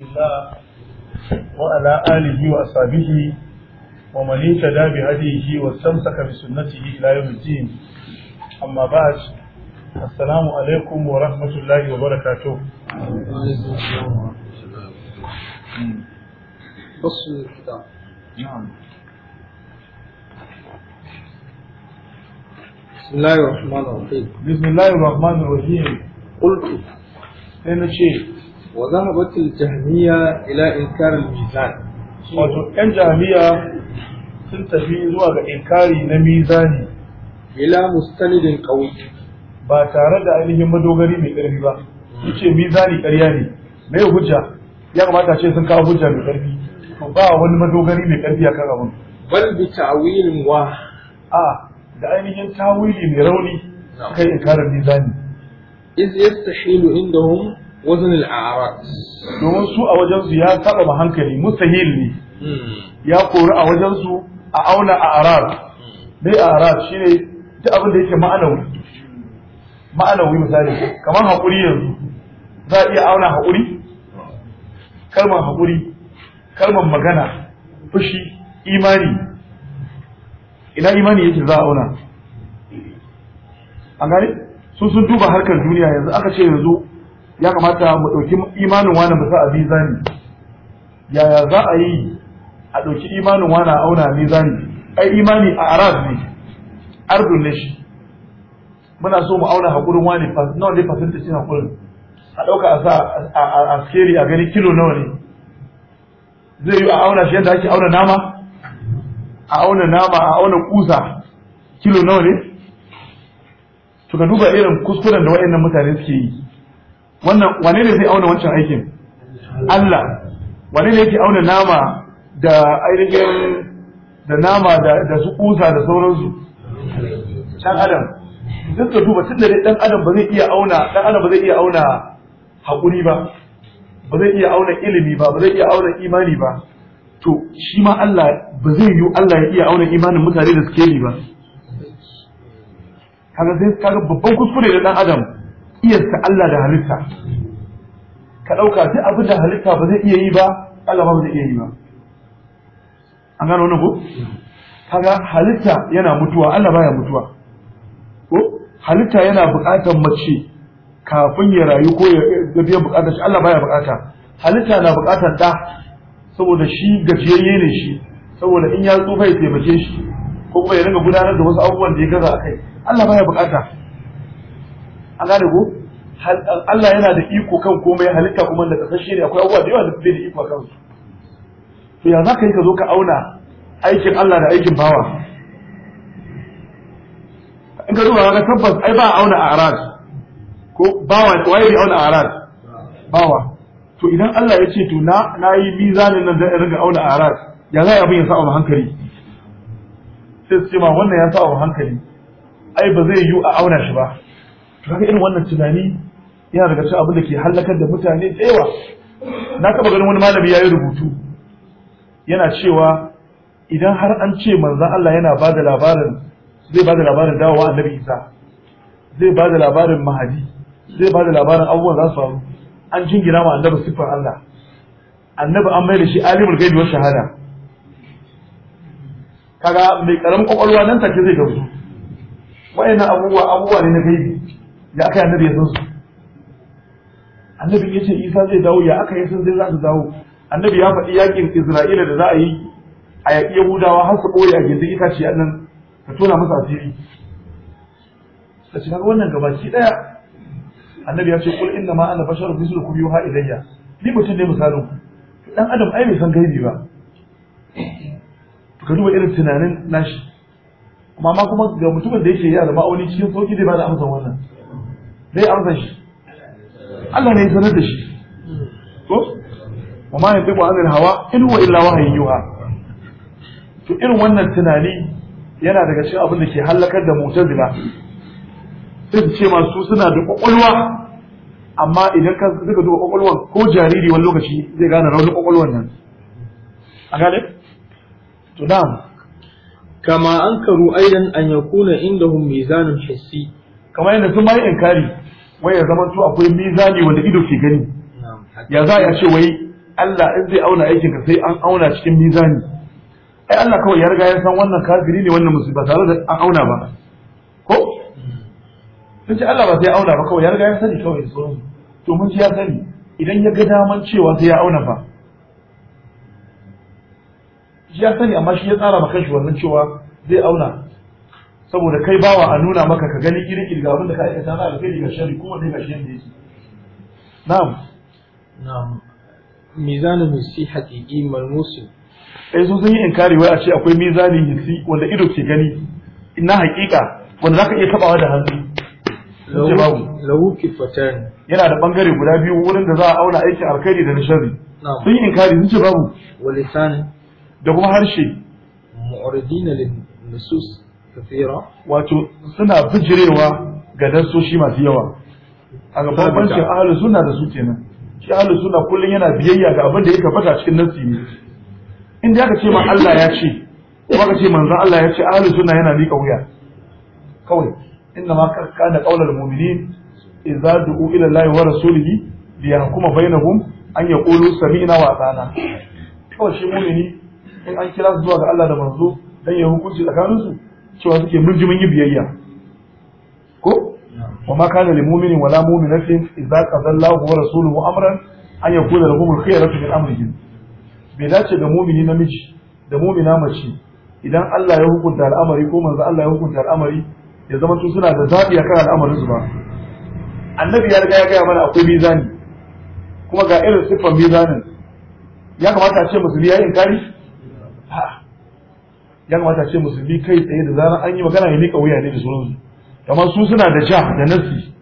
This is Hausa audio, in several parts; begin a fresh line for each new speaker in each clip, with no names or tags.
وعلى آله وأصحابه ومن اهتدى بهديه واستمسك بسنته إلى يوم الدين أما بعد السلام عليكم ورحمة الله وبركاته فصل الكتاب نعم بسم الله الرحمن الرحيم بسم الله الرحمن الرحيم قلت أنا شيخ wa zahabatul jahmiya ila inkar al-mizan wato yan jahmiya sun tafi zuwa ga inkari na mizani bila mustanidin qawi ba tare da ainihin madogari mai ƙarfi ba Su ce mizani ƙarya ne mai hujja ya kamata ce sun kawo hujja mai ƙarfi. to ba wani madogari mai ƙarfi a kan abin. bal bi ta'wilin wa a da ainihin tawili mai rauni kai inkarin mizani iz yastahilu indahum wazn al domin su a wajen su ya saba ma hankali mustahil ne hmm. ya kori a wajen su a auna a arar. Hmm. dai a arab shine duk abin da yake ma'anawi ma'anawi misali kamar hakuri yanzu za a iya auna hakuri kalmar hakuri kalmar magana fushi imani ina imani yake za a auna an gane su sun duba harkar duniya yanzu aka ce yanzu ya kamata mu ɗauki imanin wani mu sa a mizani yaya za a yi a ɗauki imanin wani a auna mizani ai imani a arab ne ardun ne shi muna so mu auna hakurin wani nawa ne percentage haƙurin? a ɗauka a sa a skeri a gani kilo nawa ne zai yi a auna shi yadda ake auna nama a auna nama a auna kusa kilo nawa ne to ka duba irin kuskuren da waɗannan mutane suke yi wannan wane ne zai auna wancan aikin Allah wane ne yake auna nama da ainihin da nama da su kusa da sauransu dan adam duk da duba tunda dan adam ba zai iya auna dan adam ba zai iya auna hakuri ba ba zai iya auna ilimi ba ba zai iya auna imani ba to shi ma Allah ba zai yi Allah ya iya auna imanin mutane da suke ba kaga sai kaga babban kuskure da dan adam iyarsa Allah da halitta ka ɗauka sai abin da halitta ba zai iya yi ba Allah ba zai iya yi ba an gano wani ko kaga halitta yana mutuwa Allah baya mutuwa ko halitta yana buƙatar mace kafin ya rayu ko ya biya buƙatar shi Allah baya buƙata halitta na buƙatar ɗa saboda shi gajiyayye ne shi saboda in ya tsufa ya taimake shi ko kuma ya ringa gudanar da wasu abubuwan da ya gaza a kai Allah baya buƙata an gane ko Allah yana da iko kan komai halitta kuma da shi ne akwai abubuwa da yawa da bai da iko kan su to ya zaka yi ka zo ka auna aikin Allah da aikin bawa in ka duba ka tabbas ai ba auna a Aras. ko bawa waye bai auna a Aras? bawa to idan Allah ya ce to na na yi mizanin nan zan ringa auna a Aras? ya za a abin ya sa wa hankali sai su ce ma wannan ya sa wa hankali ai ba zai yi a auna shi ba kaga irin wannan tunani yana daga cikin abin da ke halakar da mutane tsewa na taba ganin wani malami yayi rubutu yana cewa idan har an ce manzon Allah yana ba da labarin zai ba labarin dawowa annabi Isa zai ba da labarin mahadi zai ba labarin abubuwan za su faru an jingina ma annabi sifar Allah annabi an mai da shi alimul gaibi wa shahada kaga mai karamin kwakwalwa nan take zai gabu wayannan abubuwa abubuwa ne na gaibi ya aka yi annabi ya sansu? annabi ya ce isa zai dawo ya aka ya sun zai za su dawo annabi ya faɗi yakin isra'ila da za a yi a yaƙi yahudawa har su ɓoye a ita itace a nan ka tona musu asiri ta ce wannan gabaki ɗaya annabi ya ce kul inna ma ana da mislukum yuha ilayya ni mutum ne misalin ku dan adam ai bai san gaibi ba ka duba irin tunanin nashi amma ma kuma ga mutumin da yake yi a zama aure cikin sauki zai ba da amsan wannan zai amsa shi Allah ne ya sanar da shi ko wa ma yantiqu anil hawa in huwa illa wahyu yuha to irin wannan tunani yana daga cikin abin da ke halakar da mu'tazila sai su ce ma su suna da kwakwalwa amma idan ka suka duba kwakwalwan ko jariri wani lokaci zai gane raunin kwakwalwan nan a gane to da kama an aidan an yakuna indahum mizanun hissi kamar yadda sun mai inkari wai ya zama to akwai mizani wanda ido ke gani
ya za ya ce wai
Allah in zai auna aikin ka sai an auna cikin mizani ai Allah kawai ya riga ya san wannan kafiri ne wannan musulmi ba tare da an auna ba ko sun ce Allah ba sai auna ba kawai ya riga ya sani kawai so to mun ji ya sani idan ya ga daman cewa sai ya auna ba ya sani amma shi ya tsara maka shi wannan cewa zai auna saboda kai bawa a nuna maka ka gani irin abin da ka aikata na alkhairi ga shari kuma dai ga shi yadda yake na'am na'am mizanu musihati imal musu eh su sun yi inkari wai a ce akwai mizanin yasi wanda ido ke gani na hakika wanda zaka iya tabawa da hannu ce babu lahu kifatan yana da bangare guda biyu wurin da za a auna aikin alkhairi da na shari sun yi inkari sun ce babu walisan da kuma harshe mu'ridina lin nusus كثيرة واتو سنة بجريوا masu yawa A سيوا aga bambancin ahalus sunna da su kenan shi ahalus sunna kullun yana biyayya ga abin da yake fata cikin nasi ne inda aka ce ma Allah ya ce ko aka ce manzo Allah ya ce ahalus sunna yana miƙa wuya kawai inna ma kana qaulul mu'minin idza du'u ila Allah wa rasulihi li yahkuma bainahum an yaqulu sami'na wa ata'na kawai shi mu'mini in an kira zuwa ga Allah da manzo dan ya hukunci tsakaninsu cewa suke mun ji mun yi biyayya ko wa ma kana lil mu'mini wa la mu'minatin idza qada Allahu wa rasuluhu amran an yakuna lahum al-khiyaratu min amrihim bai dace da mu'mini namiji da mu'mina mace idan Allah ya hukunta al'amari ko manzo Allah ya hukunta al'amari ya zama su suna da zabi akan al'amarin su ba annabi ya riga ya gaya mana akwai mizani kuma ga irin siffar mizanin ya kamata a ce musulmi ya yi inkari ya kamata ce musulmi kai tsaye da zarar an yi magana ya mika wuya ne da sauransu amma su suna da ja da nasi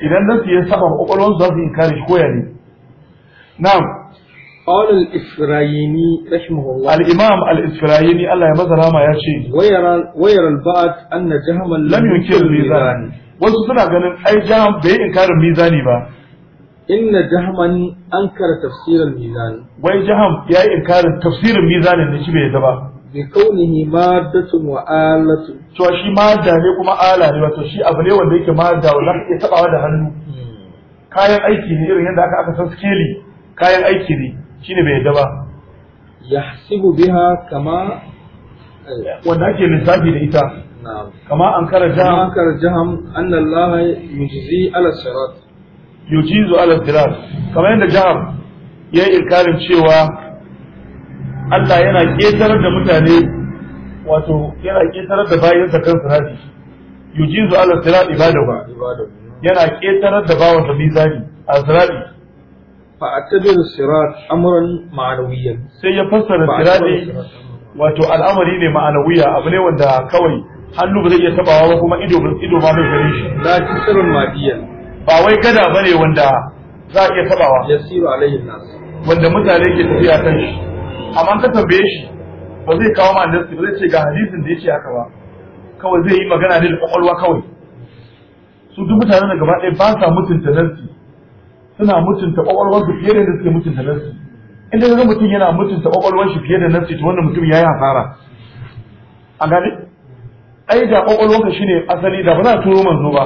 idan nasi ya saba kwakwalwansu za su yi kare shi koya ne na'am قال الإسرائيلي رحمه الله الإمام الإسرائيلي الله يمزل ما يشي ويرى, ويرى البعض أن جهما لم ينكر الميزان وسنا قالن أي جهم بي إنكار الميزان با إن جهما أنكر تفسير الميزان وأي جهم يا إنكار تفسير الميزان اللي شبه دبا bi kaunihi maddatun wa alatun to shi ne kuma ala ne wato shi abu ne wanda yake madda wanda da hannu hmm. kayan aiki ne irin yadda aka aka san skeli kayan aiki ne shine bai yadda ba yahsibu biha kama wanda ake lissafi da ita kama an kara jaham an kara jaham anna Allah yujzi ala sirat yujizu ala kamar yadda jaham yayi inkarin cewa Allah yana ƙetare da mutane wato yana ƙetare da bayansa kan sirati yujizu ala sirat ibadahu yana ƙetare da bawan sa mizani a sirati fa atabiru sirat amran ma'anawiyan sai ya fassara sirati wato al'amari ne ma'anawiya abu ne wanda kawai hannu ba zai iya tabawa ba kuma ido ba ido ma bai gare shi la tisrun madiyan ba wai gada bane wanda za a iya tabawa yasiru alayhi nas wanda mutane ke tafiya kan shi amma ka tambaye shi ba zai kawo ma nasi ba zai ce ga hadisin da ya ce haka ba kawai zai yi magana ne da kwakwalwa kawai su duk mutane da gaba ɗaya ba sa mutunta nasi suna mutunta kwakwalwar su fiye da yadda suke mutunta nasi inda ga mutum yana mutunta kwakwalwar shi fiye da nasi to wannan mutum ya yi hasara a gani ai da ka shine asali da ba za a turo manzo ba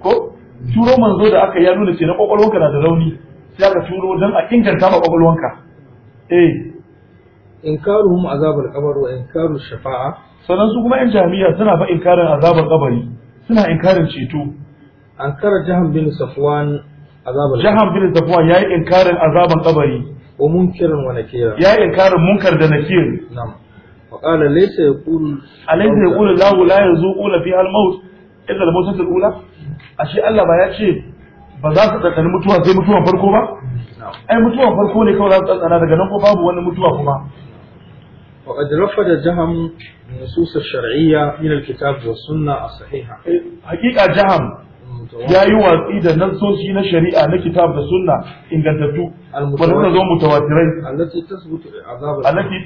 ko turo manzo da aka yi ya nuna ce na ka na da rauni sai aka turo don a inganta ma ka eh inkaruhum azabul qabr wa inkaru shafa'a sannan su kuma yan jami'a suna fa inkarin azabar kabari suna inkarin ceto ankara jaham bin safwan azabul jaham bin safwan yayi inkarin azaban kabari wa munkirin wa nakira yayi inkarin munkar da nakir na'am wa qala laysa yaqul alaysa yaqul la la yazuquna fi al-maut illa al-maut al-ula ashe Allah ba ya ce ba za su tsakani mutuwa sai mutuwan farko ba ai mutuwan farko ne kawai za su tsana daga nan ko babu wani mutuwa kuma وقد رفض جهم النصوص الشرعية من الكتاب والسنة الصحيحة حقيقة جهم
ya yi watsi
da nassoshi na shari'a na kitab da sunna ingantattu wanda zo mutawatirai allati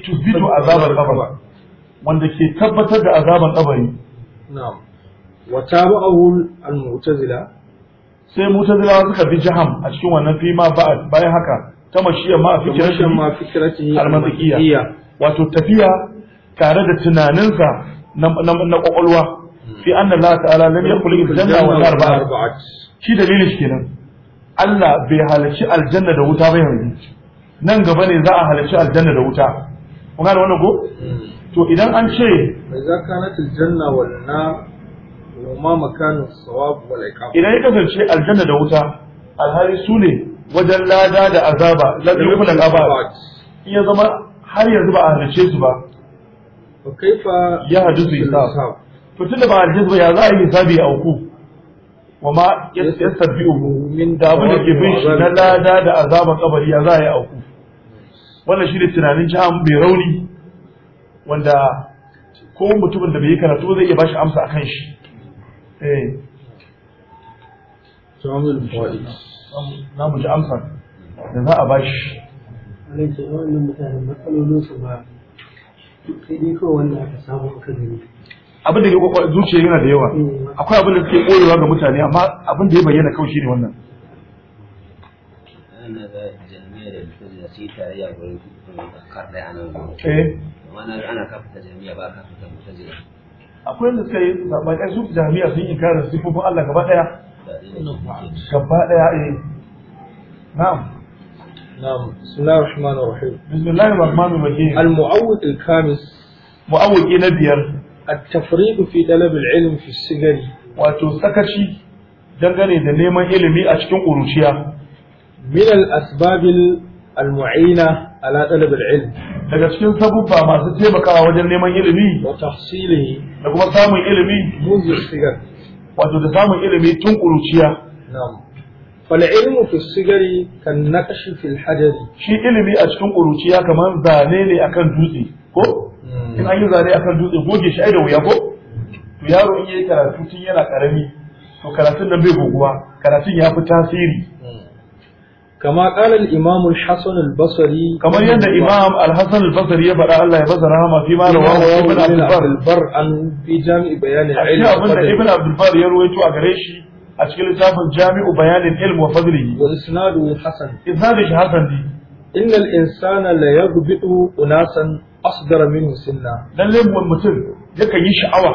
tuzbitu azabar qabr wanda ke tabbatar da azaban qabari na'am wa tabi'ahu sai mutazilawa suka bi jaham a cikin wannan fima bayan haka ta mashiyar ma a fikirati al-mantiqiyya wato tafiya tare da tunaninsa na kwakwalwa hmm. fi anna Allah ta'ala lam yakul aljanna wa arba'at shi dalilin shi kenan Allah bai halarci aljanna da wuta ba yanzu nan gaba ne za a halarci aljanna da wuta kun gane wannan ko hmm. to idan an ce za kanat aljanna wal nar wa ma makanu sawab wal iqab idan ya kasance aljanna da wuta alhali su ne wajen lada da azaba la yuqul al-abad iya zama har yanzu ba a halarce su ba fa kaifa ya hisab to da ba a halarce su ba ya za a yi hisabi a uku wa ma yastabi'u uku. da abin da ke bin shi na lada da azabar kabari ya za a yi a uku wannan shi ne tunanin jihar bai rauni wanda ko mutumin da bai yi karatu zai iya bashi amsa a kan shi namu eh. ji amsa da za a bashi
halin matsalolin su ba sai dai kawai wanda aka samu aka gani
abin da ke kwakwar zuciya yana da yawa eh. akwai abin da suke koyewa ga mutane amma abin da ya bayyana kawai shi ne wannan
ana ga jami'a da mutum da su yi tarayya gurin a nan gurin eh. ana kafa jami'a ba mutum
akwai wanda suka yi zaɓaƙen su jami'a sun yi kare Allah gaba ɗaya gaba ɗaya eh na'am نعم بسم الله الرحمن الرحيم بسم الله الرحمن الرحيم المعوض الخامس معوض إلى بير في طلب العلم في السجن واتو سكشي dangane da neman ilimi a cikin ƙuruciya. Min al-asbabil al Daga cikin sabubba masu taimakawa wajen neman ilimi wa tahsilihi da kuma samun ilimi munzu sigar. Wato da samun ilimi tun ƙuruciya. Na'am. wal ilmu fi kan naqshi fil hadari shi ilimi a cikin kuruciya kamar zane ne akan dutse ko hmm. in an yi zane akan dutse goge shi da wuya ko to yaro in yayi karatu tun yana karami to karatun nan bai ya fi tasiri كما قال الإمام الحسن البصري كما ين الإمام الحسن البصري يبقى الله يبصر هما فيما رواه ابن عبد البر عن في جامع بيان العلم ابن عبد البر يروي تو أغريشي a cikin littafin jami'u bayanin ilm wa fadlihi wa isnadu hasan isnadu shi hasan ne innal insana la yaghbitu unasan asdar minhu sinna lalle mutum yakan yi sha'awa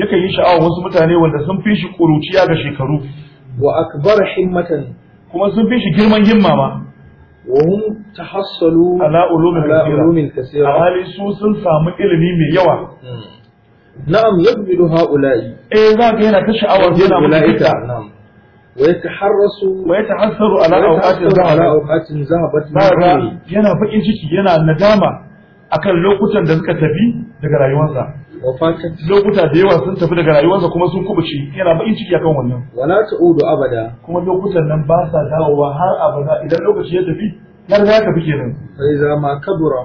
yakan yi sha'awa wasu mutane wanda sun fi shi kuruciya ga shekaru wa akbar himmatan kuma sun fi shi girman himma ma wa hum tahassalu ala ulumin kasira ala ulumin kasira su sun samu ilimi mai yawa hmm. na'am yaqbilu haula'i eh za ka yana ta sha'awar yana mula'ika na'am ويتحرس ويتعثر على أوقات على أوقات ذهبت yana bakin ciki yana nadama akan lokutan da suka tafi daga rayuwansa. lokuta da yawa sun tafi daga rayuwarsa kuma sun kubuce yana bakin ciki akan wannan wala ta'udu abada kuma lokutan nan ba sa dawowa har abada idan lokaci ya tafi har za ka fi nan. sai za ma kabura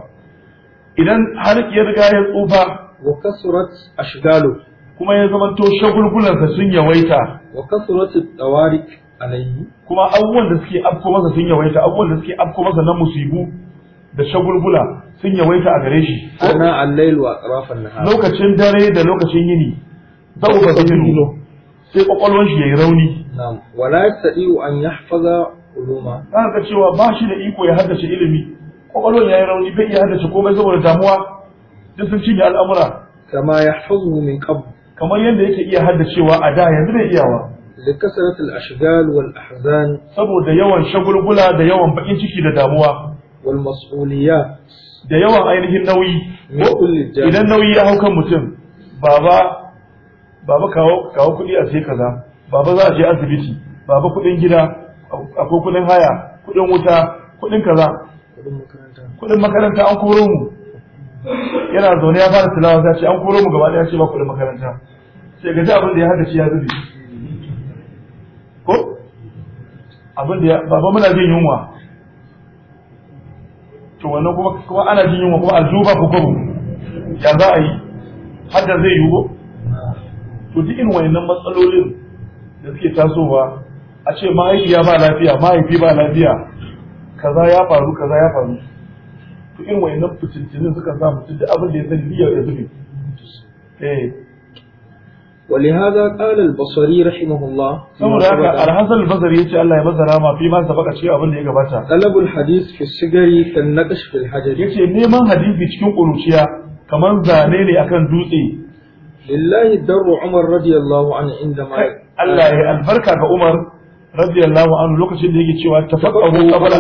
idan har ya ga ya tsufa wa kasurat ashgalu kuma ya zamanto shagulgulansa sun yawaita wa kasurat tawarik alayhi kuma abubuwan da suke afko masa sun yawaita abubuwan da suke masa na musibu da shagulgula sun yawaita a gare shi ana al-lail wa atrafan nahar lokacin dare da lokacin yini zauka zinu sai kwakwalwar shi yayi rauni na'am wala yastati'u an yahfaza uluma zaka cewa ba shi da iko ya haddace ilimi ya yayi rauni bai iya haddace komai saboda damuwa duk sun cinye al'amura kama yahfazuhu min qabl kamar yadda yake iya haddacewa a da yanzu bai iyawa لكثرة الأشغال والأحزان saboda yawan shagulgula da yawan bakin ciki da damuwa wal mas'uliyat da yawan ainihin nauyi idan nauyi ya hau kan mutum baba baba kawo kawo kuɗi a sai kaza baba za a je asibiti baba kuɗin gida akwai kuɗin haya kuɗin wuta kuɗin kaza kuɗin makaranta an koro mu yana zaune ya fara tilawa ta ce an koro mu gaba ɗaya ce ba da makaranta sai ga abin da ya haka shi ya zube ko abin da ya baba muna jin yunwa to wannan kuma kuma ana jin yunwa kuma azuba ko kwabo ya za a yi hadda zai yi ko to duk irin wayannan matsalolin da suke tasowa a ce ya ba lafiya mahaifi ba lafiya kaza ya faru kaza ya faru to irin wayannan fitintinin suka sa mutum da abin da ya sani biyar ya zube eh. ولهذا قال البصري رحمه الله saboda haka alhassan albazari yace Allah ya bazara ma fi ma sabaka ce abin da ya gabata talabul hadis fi sigari kan naqsh fil hajar yace neman hadisi cikin kuruciya kamar zane ne akan dutse lillahi darru umar radiyallahu anhu inda ma Allah ya albarka ga umar radiyallahu anhu lokacin da yake cewa tafaqahu qabla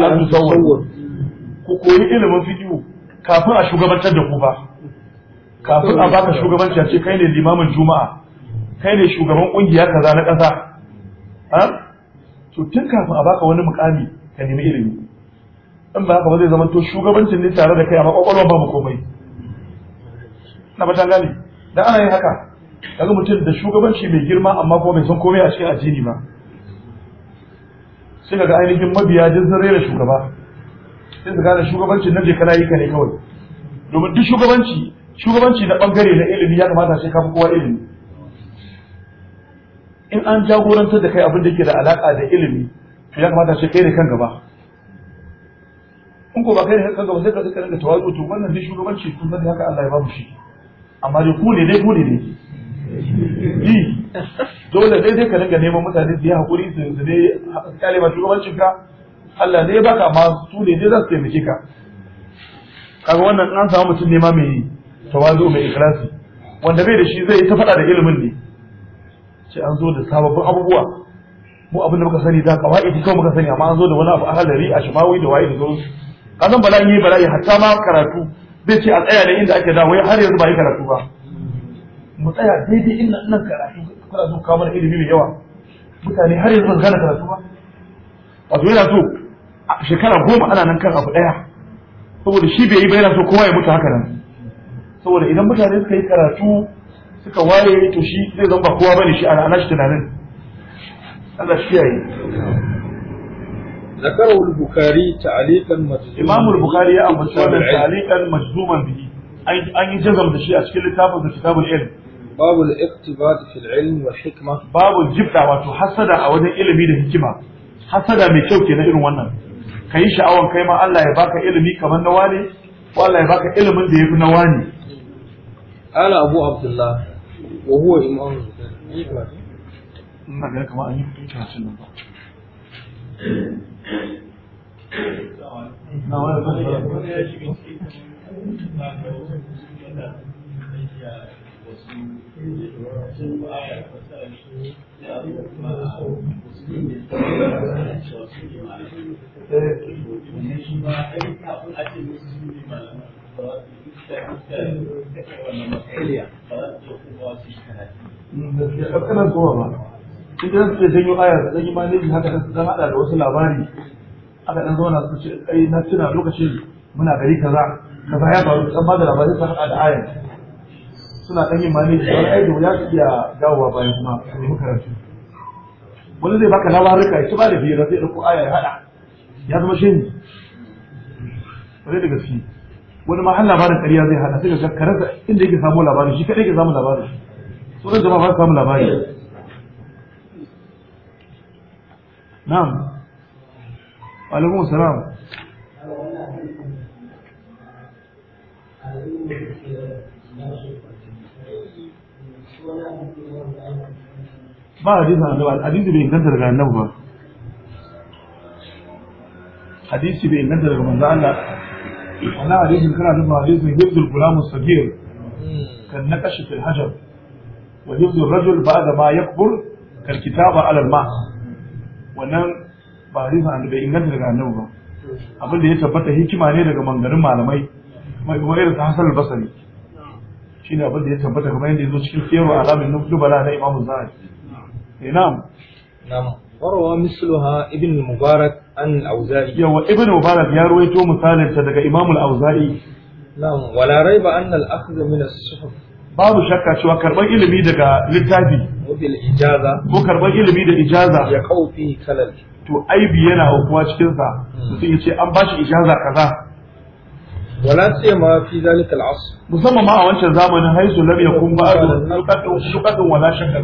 ku koyi ilimin fiqhu kafin a shugabantar da ku ba kafin a baka shugabanci a ce kai ne limamin juma'a kai ne shugaban kungiya kaza na ƙasa ha to tun kafin a baka wani mukami ka nemi ilimi in ba haka ba zai zama to shugabancin ne tare da kai amma ba babu komai na batan gane da ana yin haka kaga mutum da shugabanci mai girma amma kuma bai san komai a cikin addini ba sai kaga ainihin mabiya duk zan rera shugaba sai su gane shugabancin na je kana yi ka ne kawai domin duk shugabanci shugabanci na bangare na ilimi ya kamata sai ka fi kowa ilimi in an jagorantar da kai abin da ke da alaka da ilimi to ya kamata sai kai ne kan gaba in ko ba kai ne kan gaba sai ka tsaka da tawazu to wannan duk shugabanci kun zai haka Allah ya ba mu shi amma dai ku ne dai ku ne ne yi dole dai dai ka dinga neman mutane su yi hakuri su ne kalmar shugabancin ka Allah ne baka amma su ne dai za su taimake ka kaga wannan an samu mutum ne ma mai tawazu mai ikhlasi wanda bai da shi zai ta faɗa da ilimin ne ce an zo da sababbin abubuwa mu abin da muka sani da qawaidi kawai muka sani amma an zo da wani abu ahalari a shimawi da wayi da zo kazan bala'i ne bala'i hatta ma karatu zai ce a tsaya da inda ake da wai har yanzu ba yi karatu ba mu tsaya daidai inda nan karatu kuna so kawo mana ilimi mai yawa mutane har yanzu su gane karatu ba wato yana so shekara goma ana nan kan abu ɗaya saboda shi bai yi ba yana so kowa ya mutu haka nan saboda idan mutane suka yi karatu suka waye to shi zai zama ba kowa bane shi ana shi tunanin Allah shi yayi ذكره البخاري تعليقا مجزوما امام البخاري يا ابو سعد تعليقا مجزوما به yi jazam da shi a cikin littafin da kitabul ilm babu al-iqtibat wato hasada a wajen ilimi da hikima hasada mai kyau kenan irin wannan ka yi sha'awan kai ma Allah ya baka ilimi kamar na wani ko Allah ya baka ilimin da ya fi na wani ala abu abdullah wa huwa imam ina ga kamar an yi mutuncin nan ba
Thank you. ƙarƙarar zuwa ba
idan suke janyo ayar zan yi maneji haka ɗan zan haɗa da wasu labari aka ɗan zauna su ce ai na tuna lokacin muna gari kaza kaza ya faru san ba da labari sun haɗa da ayar suna ɗan yin maneji wani aiki ya su iya dawowa bayan kuma su nemi karatu wani zai baka labarin ka ya ci ba da biyar zai ɗauko ayar haɗa ya zama shehi wani da gaske wani ma har labarin ƙarya zai hana sai ga karanta inda yake samu labarin shi kaɗai ke samu labarin sauran jama'a ba su samu labari na'am alaikum salam ba hadisi annabi hadisi bai inganta daga annabi ba hadisi bai inganta daga manzo Allah wannan hadisin kana nufin hadisin hibzul gulamu sagir kan naqashi fil hajar wa hibzul rajul ba'da ma yakbur kal kitaba ala ma wannan ba hadisin an bai inganta daga annabi ba abin da ya tabbata hikima ne daga mangarin malamai mai kuma da hasan al-basri shine abin da ya tabbata kamar yadda yazo cikin kewa alamin nubala na imamu zahabi eh, na'am na'am وروى مثلها ابن المبارك an auzai yawa ibn mubarak ya ruwaito misalin daga imam al-auza'i na'am wala raiba anna al-akhdh min as-suhuf babu shakka cewa karban ilimi daga littafi bil ijaza ko karban ilimi da ijaza ya kaufi kalal to aibi yana aukuwa cikin sa hmm. mutum yace an bashi ijaza kaza musamman ma a wancan zamanin haisu lam yakun ba'du nalqatu shukatun wala shakal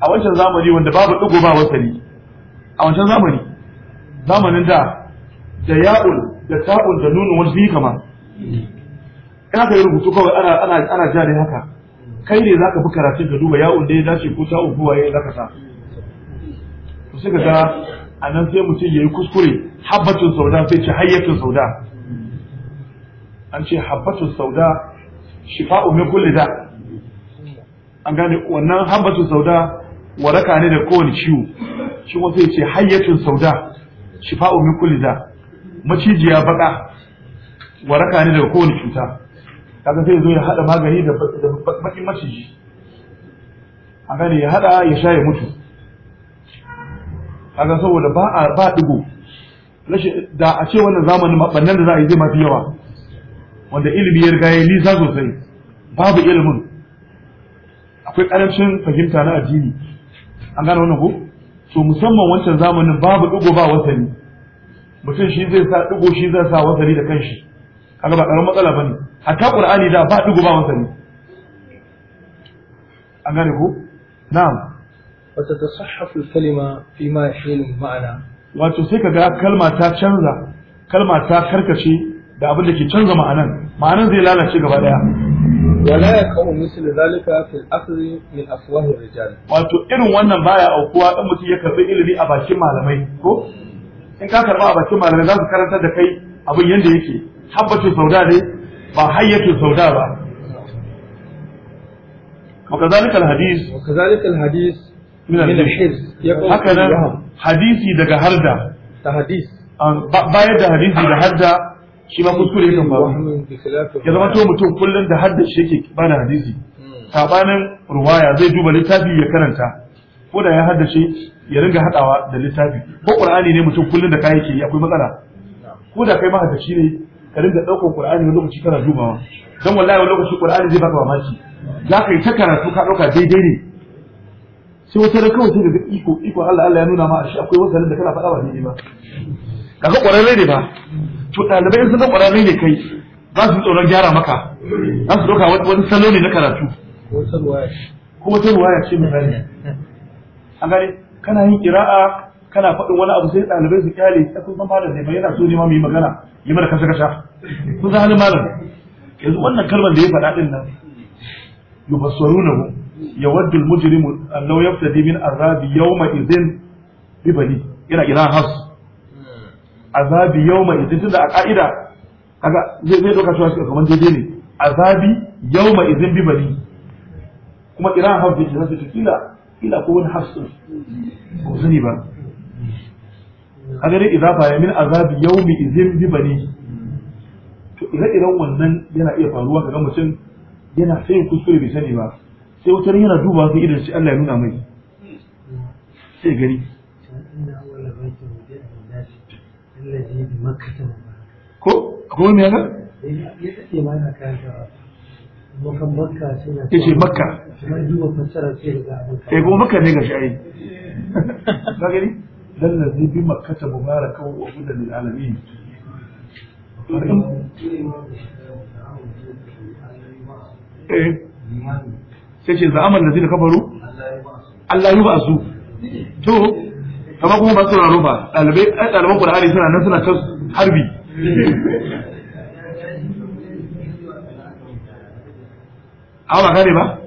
a wancan zamani wanda babu a zamanin da da ya'ul da ta'ul da nunun wani biyu kama ina ka yi rubutu kawai ana ana ana ja ne haka kai ne zaka fi karatun ka duba ya'ul da ya dace ko ta'ul ko waye zaka sa to sai ka ga a nan sai mutum ya yi kuskure habbatun sauda sai ce hayyatun sauda an ce habbatun sauda shifa'u min kulli da an gane wannan habbatun sauda waraka ne da kowane ciwo shi wasu ya ce hayyacin sauda shifa'u min kulli da macijiya baka waraka ne daga kowane cuta kaga sai zo ya hada magani da bakin maciji an gane ya hada ya sha ya mutu kaga saboda ba a ba digo da a ce wannan zamanin mabannan da za a yi zai mafi yawa wanda ilimi ya riga ya nisa sosai babu ilimin akwai karancin fahimta na addini an gane wannan ko To musamman wancan zamanin babu ɗigo ba wasari mutum shi zai sa ɗigo shi zai sa wasari da kanshi kaga ba ƙaramin matsala bane hatta qur'ani da ba ɗigo ba wasari an gane ko na'am وتتصحف الكلمة فيما يحيل المعنى wato sai kaga kalma ta canza kalma ta karkace da abin da ke canza ma'anan ma'anan zai lalace gaba daya wala ya kawo misali zalika fil akhri min afwahir rijal wato irin wannan baya aukuwa dan mutum ya karbi ilimi a bakin malamai ko in ka karba a bakin malamai za su karanta da kai abin yanda yake habbatu sauda ne ba وكذلك الحديث وكذلك الحديث من الحرز هكذا حديثي دغ هردا تحديث بايد حديثي دغ هردا shi ma kuskure yakan faru ya zama to mutum kullum da hadda shi yake bada hadisi sabanin ruwaya zai duba littafi ya karanta ko da ya hadda shi ya ringa hadawa da littafi ko qur'ani ne mutum kullum da kai yake akwai matsala ko da kai mahaddaci ne ka ringa daukar qur'ani wani lokaci kana dubawa dan wallahi wani lokaci qur'ani zai baka mamaki za ka yi ta karatu ka dauka daidai ne sai wata da kawai sai ga iko iko Allah Allah ya nuna ma a shi akwai wata da kana faɗa ba daidai ba kaga ƙwararre ne ba to ɗalibai sun ga ƙwararre ne kai za su tsoron gyara maka za su ɗauka wani salo ne na karatu ko wata ruwaya ce misali an gane kana yin ƙira'a kana faɗin wani abu sai ɗalibai su kyale ta kun san ne ba yana so ne ma mu yi magana yi mana kasa kasa kun san halin malam yanzu wannan kalmar da ya faɗa in nan Ya yawaddu al-mujrimu an law yaftadi min azabi yawma idhin bibani yana ina has azabi yawma idin tunda a ka'ida kaga zai zai doka shi kamar daidai ne azabi yawma idin bi bani kuma iran hafi da nasu kila kila ko wani hafsu ko sani ba a gare izafa ya min azabi yawmi idin bi bani to ire-iren wannan yana iya faruwa kaga mutum yana sai kuskure bai sani ba sai wutar yana duba sai idan shi Allah ya nuna mai sai gani ko akwai wani yana?
ya ce makka ya
kuma makka ne ga sha'ayi ka gani lallazi bi makkata mubaraka wa gudan lil alamin sai ce za'aman lazina kafaru Allah yi ba su kamar kuma ba sauraro ba ɗalibai ɗaliban Qur'ani suna nan suna ta harbi a ba gane ba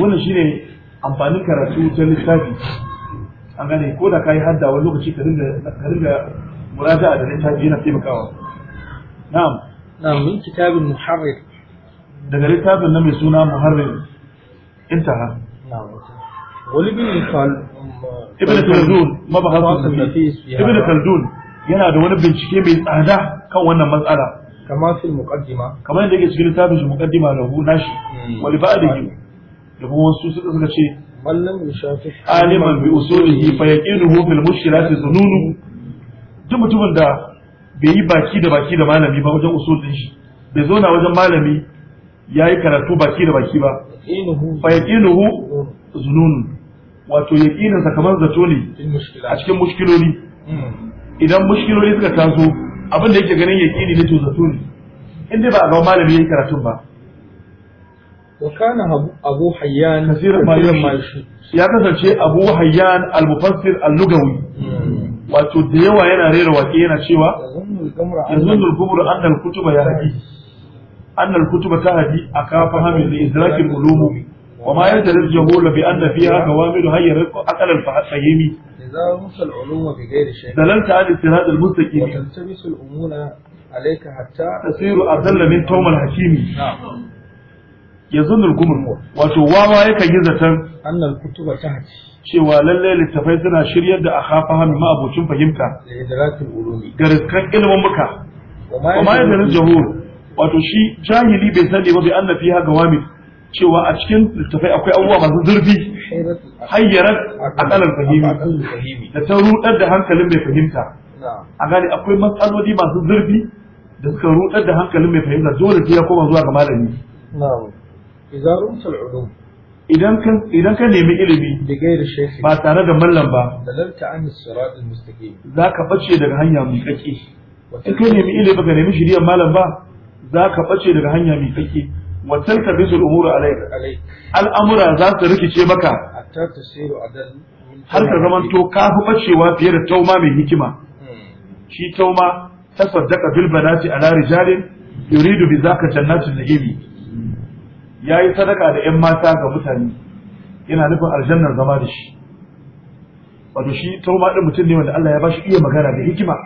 wannan shi ne amfanin karatu ta littafi an gane ko da kayi hadda wani lokaci ka dinga ka dinga muraja'a da littafi yana taimakawa na'am na'am min kitabin muharrir daga littafin na mai suna muharrir انتهى نعم ولابن ابن خلدون مبحث ابن خلدون yana da wani bincike mai tsada kan wannan matsala kama fil muqaddima kamar yadda yake cikin littafin shi muqaddima lahu nashi wal ba'dihi da kuma wasu suka suka ce mallam yushafi aliman bi usulihi fa yaqinuhu fil mushkilati zununu duk mutumin da bai yi baki da baki da malami ba wajen usul din shi bai zo na wajen malami ya yi karatu baki da baki ba fa nuhu zunun wato yaqinin sa kamar zato ne a cikin mushkiloli hmm. idan mushkiloli suka taso abin da yake ganin yaqini ne to zato ne in dai ba a ga malami ya yi karatun ba Wakana abu hayyan kasiran ma ya kasance abu hayyan al-mufassir al-lugawi hmm. wato da yawa yana rera wake yana cewa yanzu al an annal kutuba ya haƙi. أن الكتب تهدي أكا فهم لإدراك العلوم وما يزال الجهول بأن فيها كوامل هي رزق أكل الفهيم
إذا غمس العلوم بغير شيء دللت عن اجتهاد المستقيم وتلتبس الأمور عليك حتى تصير أذل من توم الحكيم نعم
يظن الجمهور wato wawa yakan yi zaton annal kutuba tahti cewa lalle littafai suna shiryar da akha fahimi ma abocin fahimta
da idrakul ulumi
ga riskan ilimin muka wa ma yadrul jahul wato shi jahili bai sani ba bai anna fiha gawamid cewa a cikin littafai akwai abubuwa masu zurfi hayyarar akalar fahimi da ta rudar da hankalin mai fahimta a gane akwai matsaloli masu zurfi da suka rudar da hankalin mai fahimta dole sai ya koma zuwa ga malami idan kan idan ka nemi ilimi ba tare da mallam ba za ka bace daga hanya mai kake in ka nemi ilimi ka nemi shiriyar malam ba za ka ɓace daga hanya mai kake wacce ka bisu umuru alai al'amura za su rikice maka har ka zama to ka fi ɓacewa fiye da tauma mai hikima hmm. shi tauma ta saddaka bil banati ala rijalin yuridu bi zaka jannatin na'imi yayi sadaka da yan mata ga mutane yana nufin aljannar zama da shi wato shi tauma din mutum ne wanda Allah ya bashi iya magana da hikima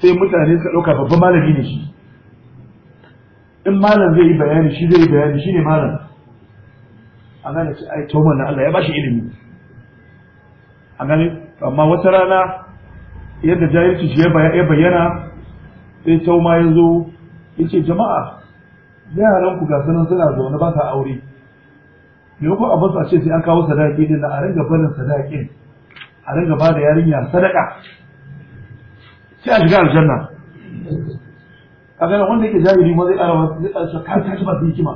sai mutane suka ɗauka babban malami ne shi in malam zai yi bayani shi zai yi bayani shi ne malam an gane ce ai to na Allah ya bashi ilimi an gane amma wata rana yadda jahilci shi ya bayyana sai tauma ya zo ya ce jama'a yaran ku ga sanan suna zaune ba sa aure me ko abin sa ce sai an kawo sadaki din a ringa barin sadakin a ringa ba da yarinya sadaka sai a shiga aljanna kaga wanda yake jahili ma zai ƙara zai ka ta ba hikima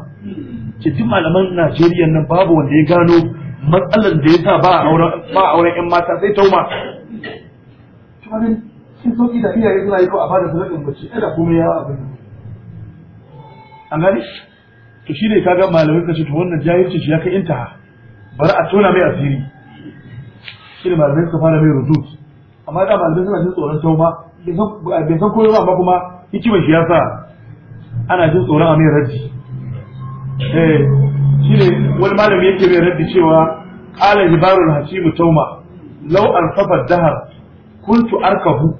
ce tun malaman Najeriya nan babu wanda ya gano matsalar da ya sa ba a ba auren 'yan mata sai tauma tumanin sun sauki da iyaye suna yi ko a bada sadakin bacci kada komai ya abin an gani? to shi ne kaga malamin ka ce to wannan jahilci ya kai intaha bari a tona mai asiri shi ne malamai suka fara mai rudut amma da malamai suna jin tsoron tauma bai san koyo ba kuma hikimar shi sa ana jin tsoron a mai raddi eh shine wani malami yake mai raddi cewa qala hibarul hakimu tauma law arfafa dahar kuntu arkahu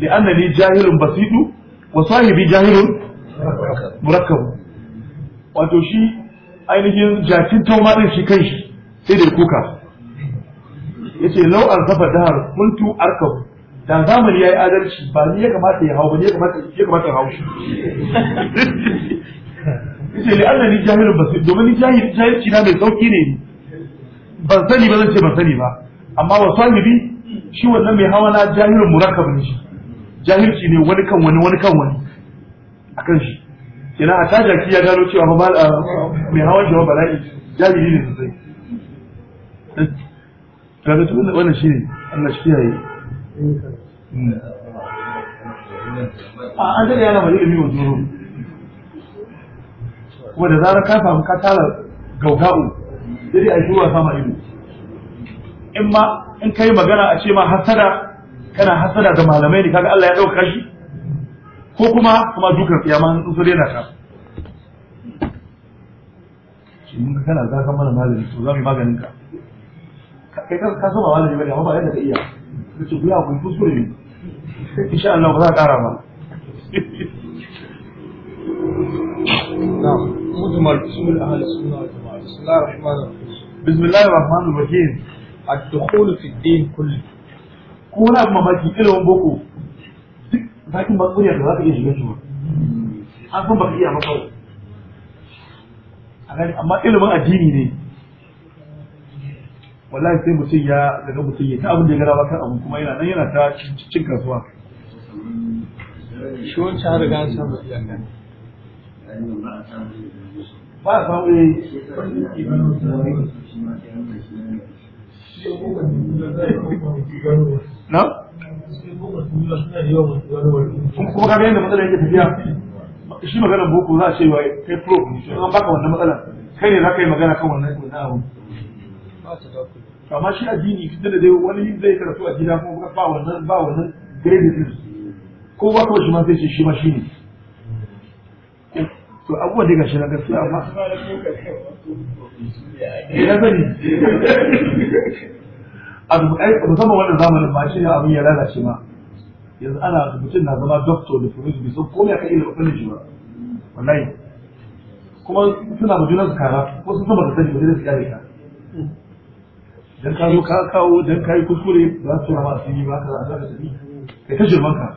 li'annani jahilun basitu wa sahibi jahilun murakkabu wato shi ainihin jakin tauma din shi kanshi sai da kuka yace law arfafa dahar kuntu arkahu da zamani yayi adalci ba ni ya kamata ya hau ba ni ya kamata ya kamata ya hau shi ne li annani jahilun basir domin ni jahil jahilci na mai sauki ne ban sani ba zan ce ban sani ba amma wa sahibi shi wannan mai hawa na jahilun murakkab ne shi jahilci ne wani kan wani wani kan wani akan shi ina a ki ya gano cewa ba mai hawan shi bala'i jahili ne sosai kaga wannan ne Allah shi kiyaye
a an daɗe yana mai ilimi
wa zuru kuma da zarar ka samu ka tara gauga'u dai a shi wasa ma ilimi in ma in kai magana a ce ma hasada kana hasada ga malamai ne kaga Allah ya ɗauka shi ko kuma kuma dukan tsiyama in su daina ka shi mun ga kana zaka mana magani to za mu maganin ka kai ka so ba malami bane amma ba yadda ka iya da su biya kun kuskure ne insha Allah ba za a ƙara ba na'am mujmal jamaa rahim dukhul fi din kulli ko na kuma baki ilimin boko duk zakin ba da za ka iya shiga shi ba an san baka iya ba kawai amma ilimin addini ne wallahi sai mutum ya daga mutum ya ta abin da ya gara bakar abu kuma yana nan yana ta cin kasuwa
shi wancan ba a samu yi. Eh. na? kuma kaga yadda matsalar
yake tafiya shi maganar boko za a ce wa kai pro ne an baka wannan matsalar kai ne za ka yi magana kan wannan abu amma shi addini tunda dai wani zai karatu a gida kuma ba wannan ba wannan grade din ko ba kawai shi ma sai ce shi ma shi ne to abubuwa dai gashi na gaskiya amma ya sani a musamman wannan zamanin ba, shi ne abin ya lalace ma yanzu ana mutum na zama doctor da professor bisan komai aka iya bakwai shi ba wallahi kuma suna mu majunan su kara ko sun san ba ta sani ba zai su kare ka dan ka zo ka kawo dan ka yi kuskure ba su rama asiri ba ka za a tafi kai ta shirman ka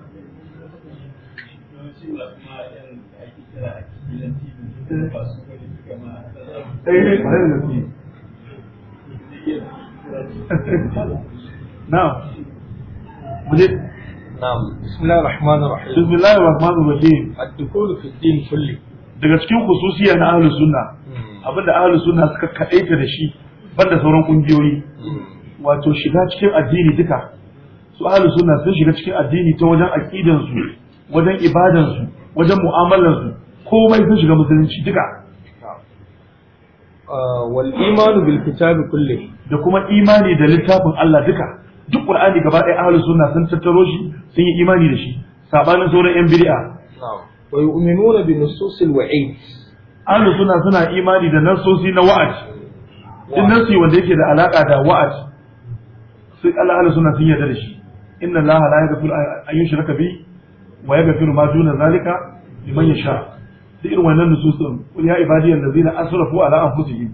نعم نعم بسم الله الرحمن الرحيم بسم الله الرحمن الرحيم الدخول في الدين كله daga cikin khususiya na ahlus sunna hmm. abinda ahlus sunna suka kadaita da shi banda sauran kungiyoyi wato shiga cikin addini duka su ahlus sunna sun shiga cikin addini ta wajen aqidan su wajen ibadan su wajen mu'amalan su komai sun shiga musulunci duka ah, wal imanu bil kitabi kulli da kuma imani da littafin Allah duka duk qur'ani gaba ɗaya ahlus sunna sun tattaro shi sun yi imani da shi sabanin sauran yan bid'a wa yu'minuna bi nususil wa'id ahlus sunna suna imani da nasosi na wa'azi duk nasi wanda yake da alaka da wa'ad sai Allah Allah suna sun yarda da shi inna Allah la yaghfiru an yushraka bi wa yaghfiru ma duna zalika liman yasha duk irin wannan nususun qul ya ibadiyal ladzina asrafu ala anfusihim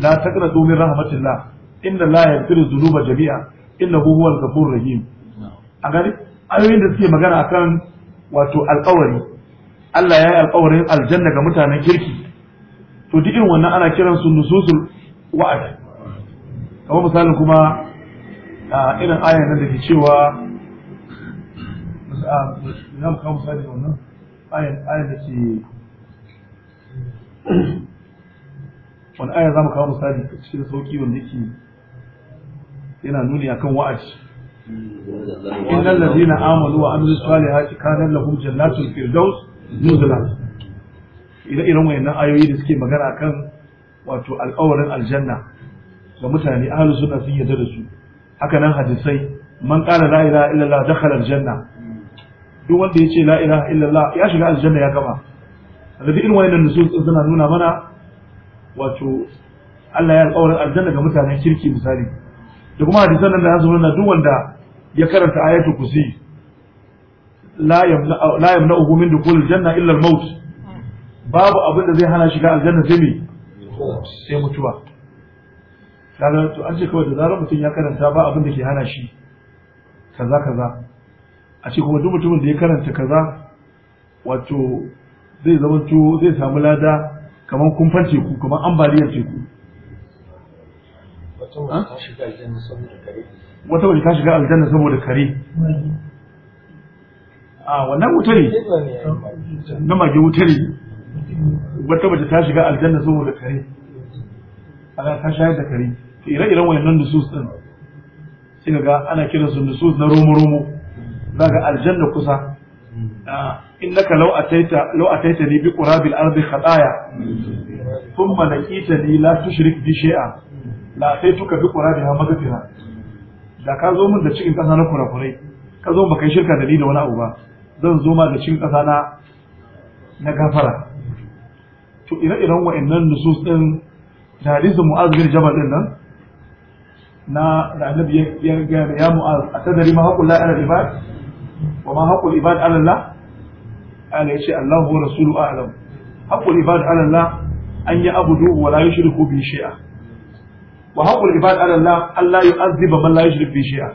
la taqnatu min rahmatillah inna Allah yaghfiru dhunuba jami'a innahu huwal ghafurur rahim a gani ayoyin da suke magana akan wato alƙawari Allah ya yi alƙawarin aljanna ga mutanen kirki to duk irin wannan ana kiran su nususul wa'ad kamar misalin kuma a irin ayan nan da ke cewa za mu kawo misali da wannan ayan da ke wani ayan za mu kawo misali cikin sauki wanda ke yana nuni a akan wa'adi
إن الذين آمنوا
وعملوا الصالحات كان لهم جنات الفردوس نزلا إلى إلى وين آيوي da suke magana kan wato alƙawarin aljanna ga mutane ahlus suna sun yarda da su haka nan hadisai man qala la ilaha illallah dakhala aljanna duk wanda yace la ilaha illallah ya shiga aljanna ya gama daga irin wayannan nusus suna nuna mana wato Allah ya alƙawarin aljanna ga mutanen kirki misali da kuma hadisan nan da zasu nuna duk wanda ya karanta ayatul kursi la yamna la yamna'uhu min dukhul janna illa al-maut babu abin da zai hana shiga aljanna sai me sai mutuwa kaga to an ce kawai da zarar mutum ya karanta ba abin da ke hana shi kaza kaza a ce kuma duk mutumin da ya karanta kaza wato zai zama to zai samu lada kamar kumfan teku kamar ambaliyar teku wata wani ta shiga aljanna saboda kare a ah, wannan wuta ne na mage wuta ne wata mace ta shiga aljanna saboda kare ana ta shayar da kare to ire-iren wayannan nusus din sai ga ana su nusus na romo-romo za ga aljanna kusa in hmm. ah, innaka law ataita law ataita ni bi qurabil ardi khataya thumma laqita ni la tushrik bi shay'a la ataituka bi qurabiha maghfira da ka zo min da cikin kasa na kurakurai ka zo baka shirka da ni da wani abu ba zan zo ma da cikin kasa na na gafara to ire-iren wa'annan nusus ɗin da hadisin mu'az bin jabal din nan na da annabi ya ga ya mu'az atadari ma haqqul lahi ala ibad wa ma haqqul ibad ala Allah ala yace Allah wa rasulu a'lam haqqul ibad ala Allah an abu abudu wa la yushriku bi shay'a wa haqqul ibad ala Allah Allah yu'azziba man la yushrik bi shay'a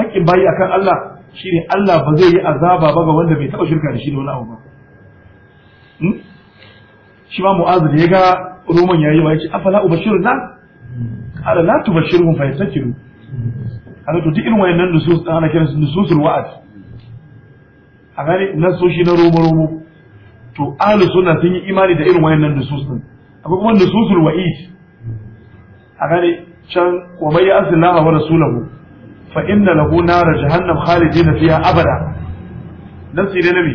haƙƙin bayi akan Allah shi ne Allah ba zai yi azaba ba ga wanda bai taɓa shirka da shi ne wani abu ba hmm? shi ma mu'azu da ya ga roman yayi wa yace afala ubashirun nan?" ala la tubashirhum fa yastakiru kaga to duk irin wayannan nusus da ana kiransu nususul wa'ad a gane nasoshi na romo romo to ahlus sunna sun yi imani da irin wayannan nusus din akwai kuma nususul wa'id a gane can wa may ya'silaha wa rasulahu fa inna lahu nar jahannam khalidina fiha abada nasi ne nabi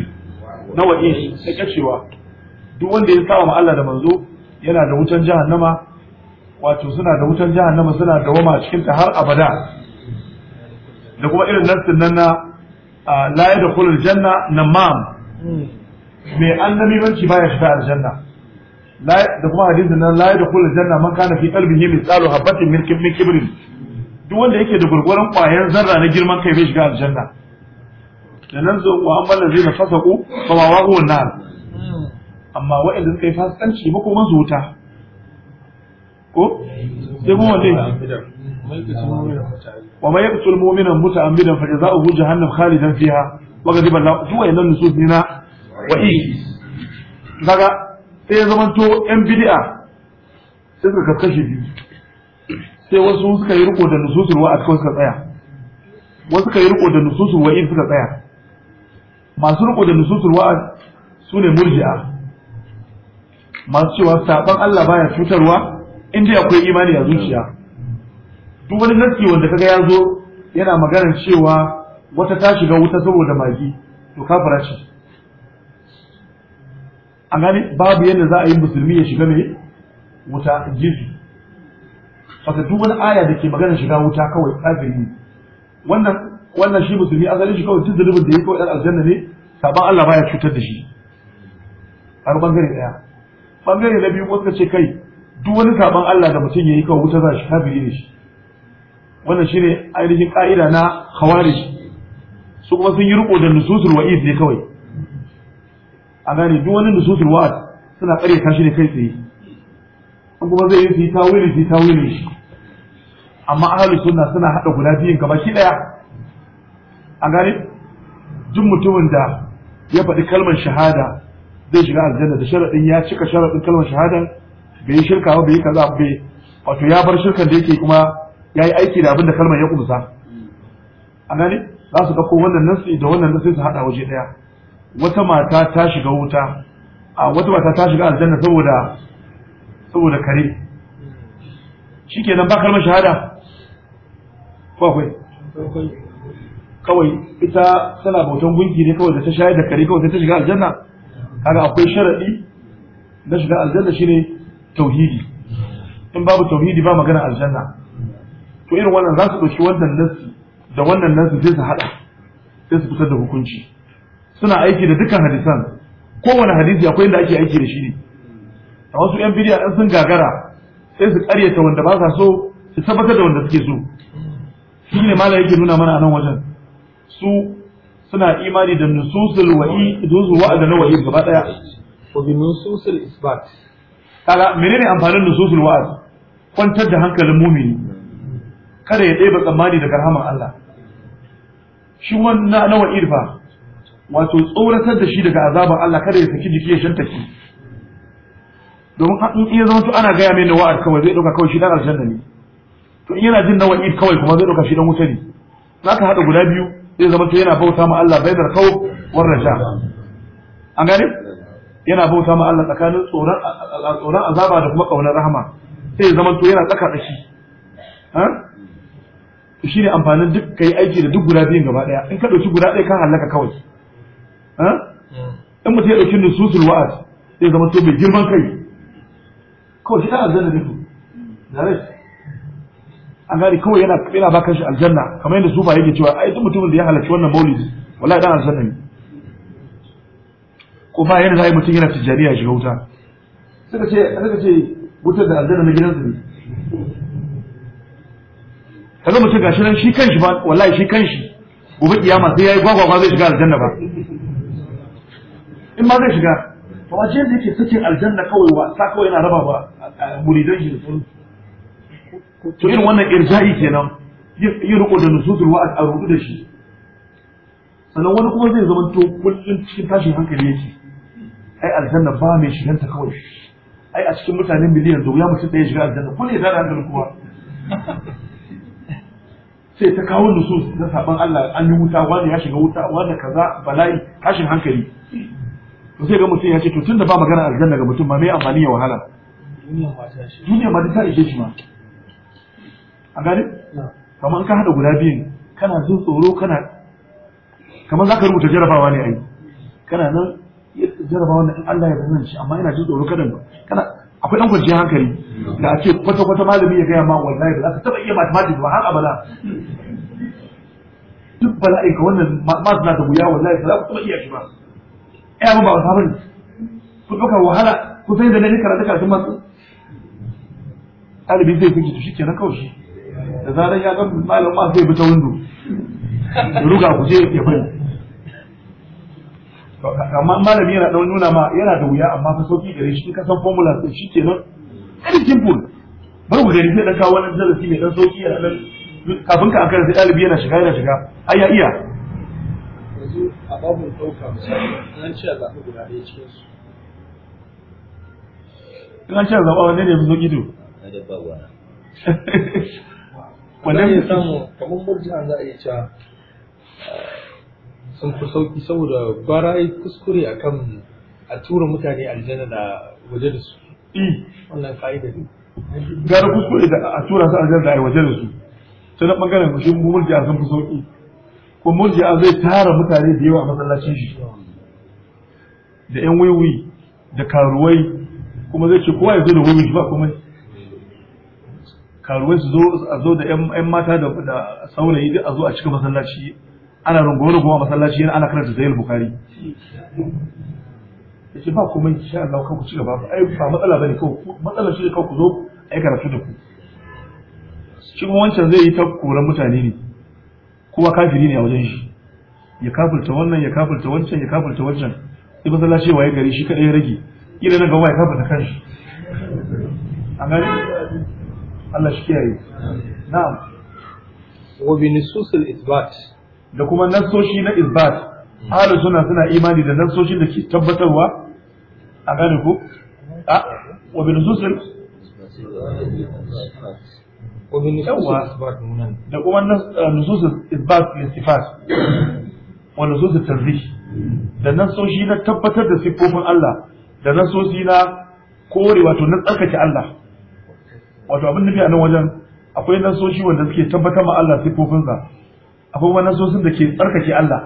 na wa'id sai kacewa duk wanda ya sawa ma Allah da manzo yana da wutan jahannama wato suna da wutan jahannama suna da wama cikin ta har abada da kuma irin nassin nan na la yadkhulul janna namam mai annabi banci baya shiga aljanna da kuma hadisin nan la yadkhulul janna man kana fi qalbihi mithqalu habatin min kibrin duk wanda yake da gurgurun ƙwayar zarra na girman kai bai shiga aljanna da nan zo wa amma lazina fasaqu fa wa wa'un nar amma wa'anda suka yi fasikanci makoman su wuta ko sai kuma
wanne
wa mai yaqtul mu'mina muta'ammidan fa jazaohu jahannam khalidan fiha wa ghadiba Allah su wa'annan nusus ne na wa'i daga sai ya zamanto yan bid'a sai suka kaskashe biyu sai wasu suka yi riko da nususul wa'ad kawai suka tsaya wasu suka yi riko da nususul wa'id suka tsaya masu riko da nususul wa'ad su ne murji'a masu cewa saban Allah baya cutarwa in dai akwai imani a zuciya duk wani nasi wanda kaga ya zo yana magana cewa wata ta shiga wuta saboda magi to kafara ce an gani, babu yadda za a yi musulmi ya shiga mai wuta jizu saka duk wani aya da ke maganar shiga wuta kawai kafiri ne wannan wannan shi musulmi asalin shi kawai tunzulubin da ya kawai dan aljanna ne saban Allah baya cutar da shi a bangare daya bangare na biyu kuma ce kai duk wani saban Allah da mutum ya yi kawai wuta za shi kafiri ne shi wannan shi ne ainihin ƙa'ida na khawarij su kuma sun yi riko da nususul wa'id ne kawai a gane duk wani nususul wa'ad suna kare ta shi ne kai tsaye An kuma zai yi su yi tawili su yi tawili shi amma ahlus sunna suna haɗa guda biyun gaba shi daya a gane duk mutumin da ya faɗi kalmar shahada zai shiga aljanna da sharadin ya cika sharadin kalmar shahada bai yi shirka ba bai yi kaza bai wato ya bar shirkan da yake kuma ya yi aiki da abin da kalmar ya kumsa a gane za su ɗauko wannan nasi da wannan nasi su haɗa waje ɗaya wata mata ta shiga wuta a wata mata ta shiga aljanna saboda saboda kare shikenan ba kalmar shahada ko akwai kawai ita tana bautan gunki ne kawai da ta shayar da kare kawai ta shiga aljanna kaga akwai sharadi na shiga aljanna shine tauhidi in babu tauhidi ba magana aljanna to irin wannan za su ɗauki wannan nassi da wannan nassi sai su haɗa sai su fitar da hukunci suna aiki da dukkan hadisan kowane hadisi akwai inda ake aiki da shi ne a wasu yan bidiya ɗan sun gagara sai su ƙaryata wanda ba sa so su tabbatar da wanda suke so shi ne malam yake nuna mana a nan wajen su suna imani da nususul wa'i duzu wa'ada na wa'i gaba daya wa bi nususul isbat kaga menene amfanin nususul wa'ad kwantar da hankalin mumini kada ya ɗeba tsammani daga rahaman Allah shi wannan na wa'i fa wato tsoratar da shi daga azabar Allah kada ya saki jiki ya shantaki domin in iya zama to ana gaya mai na wa'ad kawai zai ɗauka kawai shi dan aljanna ne to in yana jin na wa'i kawai kuma zai ɗauka shi dan wuta ne Za ka haɗa guda biyu zai zama to yana bauta ma Allah bainar khawf war raja an gane yana bauta ma Allah tsakanin tsoron tsoron azaba da kuma kaunar rahama sai zama to yana tsaka dashi ha shi ne amfanin duk kai aiki da duk guda biyun gaba daya in ka dauki guda ɗaya ka halaka kawai ha in mutum ya dauki nususul wa'az sai zama to mai girman kai kawai shi ta aljanna ne to da rai an gane kawai yana yana baka shi aljanna kamar yadda sufa yake cewa ai duk mutumin da ya halarci wannan maulidi wallahi dan aljanna ne ko ba yana zai mutum yana tijariya shiga wuta suka ce suka ce wutar da aljanna na gidansu ne kaza mutum gashi nan shi kanshi ba wallahi shi kanshi gobe kiyama sai yayi ba zai shiga aljanna ba in ma zai shiga to wajen da yake sakin aljanna kawai wa sa kawai yana raba ba muridan shi da sauransu to irin wannan irja'i kenan yi riko da nususul wa'ad a rubutu da shi sannan wani kuma zai zama to kullum cikin tashin hankali yake ai aljanna ba mai shiganta kawai ai a cikin mutane miliyan da wuya mutum ya shiga aljanna kullum ya tada hankali kuma sai ta kawo nusus na sabon Allah an yi wuta wani ya shiga wuta wani kaza bala'i tashin hankali to sai ga mutum ya ce to tunda ba magana aljanna ga mutum ma me amfani ya wahala duniya ma ta ishe shi ma an gane kamar ka hada guda biyu kana jin tsoro kana kamar za ka rubuta jarabawa ne ai kana nan jarabawa ne in Allah ya zama shi amma ina jin tsoro kada kana akwai dan kwanciyar hankali da a ce kwata kwata malami ya gaya ma wallahi ba za ka taba iya mathematics ba har abada duk bala'in ka wannan ma na da wuya wallahi ba za ka taba iya shi ba ai ba wata bane ku duka wahala ku sai da ne karatu karatun masu ɗalibi zai fi shi kenan kawai da zarar ya ga malam ma zai bi ta windo ruga guje ya bari amma malami yana ɗan nuna ma yana da wuya amma fa sauki gare shi ka san formula sai shi kenan very simple bar ku gari sai dan kawo wani darasi mai ɗan sauki yana dan kafin ka ankara sai dalibi yana shiga yana shiga ai iya
yanzu a babun ɗauka an ce a zaɓi guda ɗaya cikin su
in an ce a zaɓa wanne ne mu zo gido wannan ya samu
kamar murji'an za
a iya cewa eh, sun fi sauki saboda gwara ya kuskure a kan a tura mutane aljanna da waje da su wannan ka'ida ne gara kuskure da a tura su aljanna da a waje da su sai na bangaren kushin murji'a sun fi sauki ko murji'a zai tara mutane da yawa a masallacin shi da yan wiwi da karuwai kuma zai ce kowa ya zo da wiwi ba komai karuwa su zo a zo da yan mata da saurayi duk a zo a cikin masallaci ana rungume rungume masallaci yana ana karanta sahih bukhari shi ba kuma insha Allah kan ku ci gaba ai ba matsala bane ko matsalar shi ka ku zo ai karatu da ku cikin wancan zai yi ta koran mutane ne kowa kafiri ne a wajen shi ya kafirta wannan ya kafirta wancan ya kafirta wancan sai masallaci waye gari shi kadai ya rage kila na gaba ya kafirta kanshi an gani Allah shi kiyaye na'am wa bi nususil isbat da kuma Nasoshi na isbat ahlus sunna suna imani da nassoshin da ke tabbatarwa a gane ko a wa bi nususil wa da kuma eh, nususil isbat li sifat wa nususil tanzih da Nasoshi na tabbatar da siffofin Allah da Nasoshi na kore wato na tsarkake Allah wato abin nufi a nan wajen akwai nasoshi wanda suke tabbatar ma Allah sifofinsa akwai kuma nasosin da ke tsarkake Allah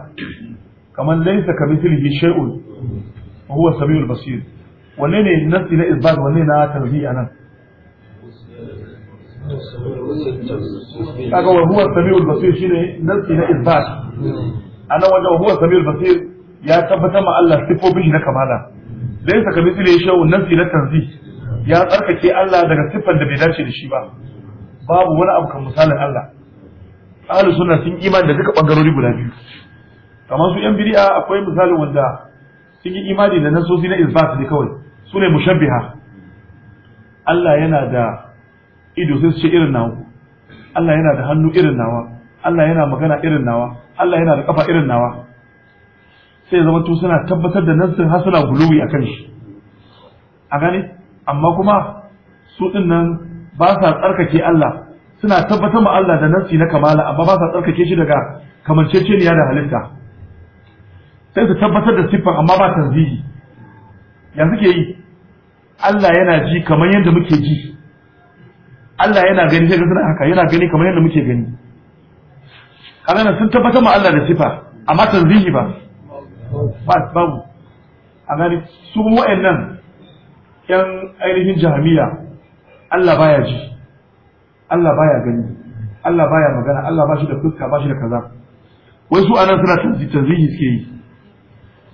kamar laisa ka mithlihi shay'un wa huwa samiul basir wanne ne nasi na isbat wanne na tanzihi anan
kaga wa huwa samiul basir
shine nasi na isbat anan wajen wa huwa samiul basir ya tabbatar ma Allah sifofin shi na kamala laisa ka mithlihi shay'un nasi na tanzihi ya tsarkake Allah daga siffar da bai dace da shi ba babu wani abu kan misalin Allah ahlus sunna sun imani da duka bangarori guda biyu kamar su yan bid'a akwai misalin wanda sun yi imani da sosai na isbat ne kawai su ne mushabbiha Allah yana da ido sai su ce irin nawa Allah yana da hannu irin nawa Allah yana magana irin nawa Allah yana da kafa irin nawa sai zama to suna tabbatar da nan sun hasuna guluwi akan shi a gane amma kuma su din nan ba sa tsarkake Allah suna tabbatar ma Allah da nafsi na kamala amma ba sa tsarkake shi daga kamanceceniya da halitta sai su tabbatar da siffar amma ba tanzihi ya suke yi Allah yana ji kamar yadda muke ji Allah yana gani sai suna haka yana gani kamar yadda muke gani Kana sun tabbatar ma Allah da siffa amma tanzihi ba ba babu a gani su wa'annan yan ainihin jami'a Allah baya ji Allah baya gani Allah baya magana Allah ba shi da fuska ba shi da kaza wai su anan suna tanzihi suke yi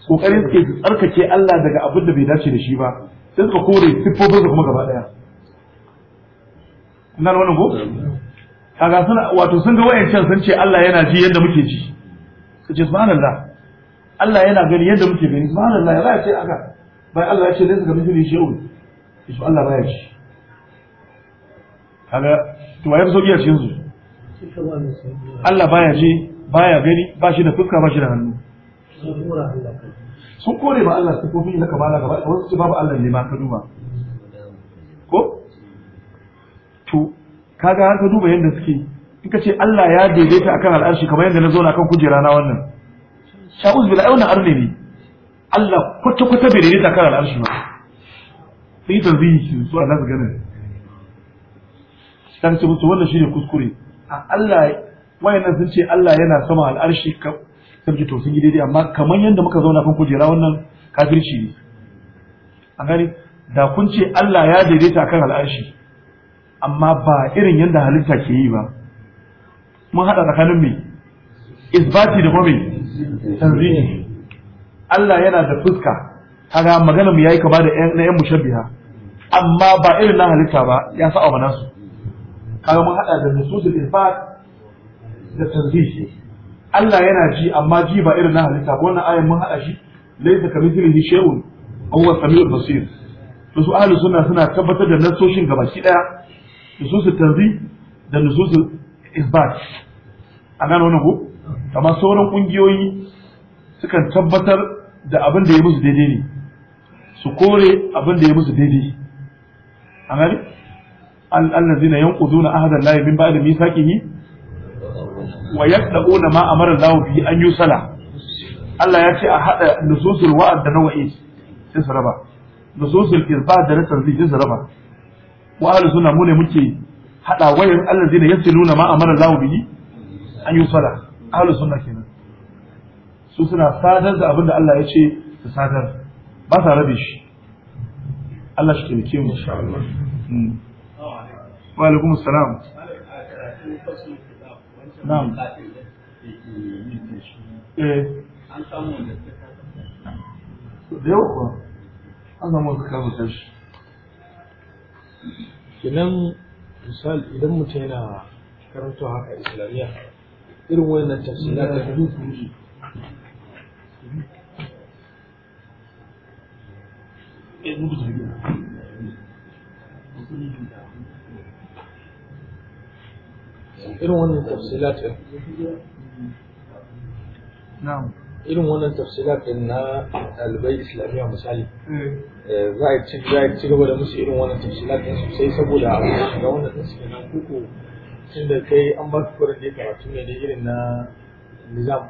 kokarin suke su tsarkake Allah daga abin da bai dace da shi ba sai suka kore siffofin kuma gaba daya nan wannan ko kaga suna wato sun ga wayancan sun ce Allah yana ji yadda muke ji su ce subhanallah Allah yana gani yadda muke gani subhanallah ya ce aka bai Allah ya ce laysa ka mithli shay'un shi Allah baya ci kaga to wayar so iya cin su Allah baya ji baya gani ba shi da fuska ba shi da hannu sun kore ba Allah su sifofi na kamala gaba wasu su babu Allah ne ma ka duba ko to kaga har ka duba yadda suke in ka ce Allah ya daidaita akan al'arshi kamar yadda na zo na kan kujera na wannan sha'uz bil auna arne ne Allah kwata-kwata bai daidaita kan al'arshi ba sai yi tanzihi shi su Allah su gane kan ce musu wannan ne kuskure a Allah wayannan sun ce Allah yana sama al'arshi kan sabji to sun yi daidai amma kamar yadda muka zauna kan kujera wannan kafirci ne an gani da kun ce Allah ya daidaita kan al'arshi amma ba irin yadda halitta ke yi ba mun haɗa tsakanin mai isbati da kuma mai tanzihi Allah yana da fuska kaga magana mu yayi kama da na yan mushabbiha amma ba irin na halitta ba ya sa amana su kaga mun hada da nususul infaq da tanzih Allah yana ji amma ji ba irin na halitta ba wannan ayan mun hada shi laysa kamithlihi shay'un huwa samiul basir to su ahli sunna suna tabbatar da nasoshin gabaki daya nususul tanzih da nususul isbat a gano wannan ko kamar sauran kungiyoyi sukan tabbatar da abin da ya musu daidai ne su kore abin da ya musu daidai a gani allazina yanquduna ahada allahi min saƙi mithaqihi wa yaqda'una ma amara allah bi an sala. Allah ya ce a haɗa nususul wa'ad da nawa'i sai su raba nususul izba da na tanzi sai su raba wa ahli sunna mu ne muke hada wayar allazina nuna ma amara allah bihi an sala. ahli suna kenan su suna sadar da abin da Allah ya ce su sadar ba sa rabe shi Allah shi taimake mu insha Allah hmm. wa alaikum assalam na'am eh an samu da da yawa kuwa an samu da kawo tashi
kinan misal idan mutum yana karanta haka islamiyya irin wannan tafsirin eh, da duk Eh, irin wannan tafsilat ɗin
irin wannan na ɗalibai islamiyya misali eh. Eh, za a ci za a ci gaba da musu irin wannan tafsilat ɗin sosai saboda a shiga wannan ɗin suke nan kuku tun da kai an ba ka kurin da karatu ne da irin na nizam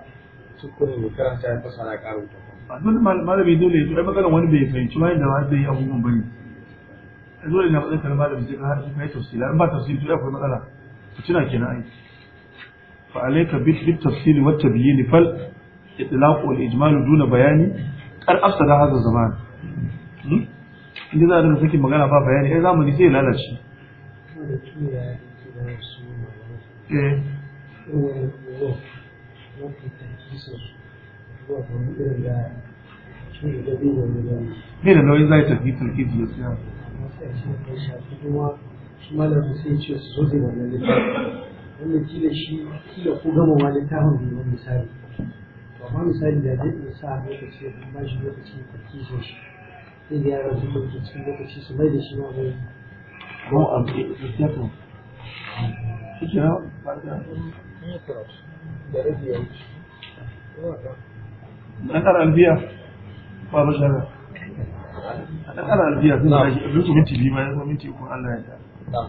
tukunin da karanta ya fasa na ƙaruta ba dole malami dole ya zo ai maganar wani bai fahimci ma yadda ba zai yi abubuwan bane a dole na matsayin kan malami sai ka har su kai tafsila in ba tafsiri to akwai matsala to tuna kenan ai fa alayka bil tafsili wat tabyin fal itlaq wal ijmal duna bayani kar afsada hadha zaman inda za a dinga saki magana ba bayani ai zamani sai lalace eh bai da nauyin zai tafi da siya
malamin sai shi gama ma littafin bai wani misali to amma misali da zai iya sa lokaci ya shi lokaci sai da yara su ɗauki cikin lokaci su mai shi ma a
littafin shi ke
nan da ya da
نقرا الانبياء ما بشر
نقرا الانبياء
زي منتي بما يزن منتي يكون الله يجعل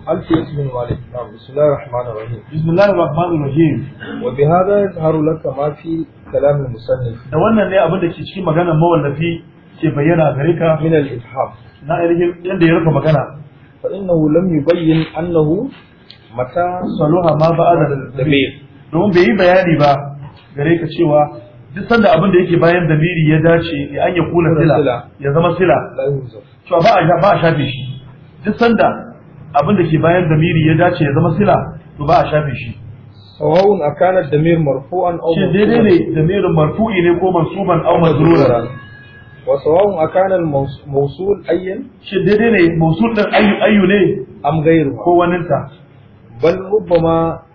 ألف بن مالك نعم بسم الله الرحمن الرحيم بسم الله الرحمن الرحيم وبهذا يظهر لك ما في كلام المصنف da wannan ne abin da ke cikin maganar mawallafi ke bayyana gare ka min al ifham na irin yanda ya rufe magana fa innahu lam yubayyin annahu mata saluha ma ba'ada al damir domin bai yi bayani ba gare ka cewa duk sanda abin da yake bayan damiri ya dace ya an ya kula sila ya zama sila to ba a ba a shafe shi duk sanda abin da ke bayan damiri ya dace ya zama sila to ba a shafe shi sawa'un akana damir marfu'an aw shi daidai ne damir marfu'i ne ko mansuban aw majruran wa sawa'un akana mawsul ayyan shi daidai ne mawsul din ayyu ayyu ne am ghayru ko waninta bal rubbama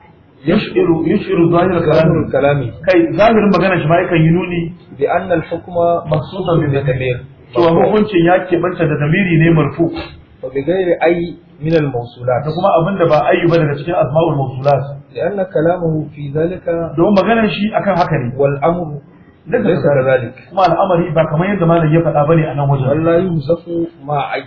yushiru yushiru zahir kalam kalami kai zahirin magana shi ma yakan yi nuni bi anna al hukma mahsusan bi damir cewa hukuncin ya keɓanta da damiri ne marfu wa bi ghairi ay min al mawsulat kuma abinda ba ayu daga cikin asma'ul mawsulat لأن كلامه في ذلك دوم مغانا شيء أكن هكري والأمر ليس كذلك ما الأمر يبقى كما يندم أن يفعل أبني أنا وجه والله يوزف ما عي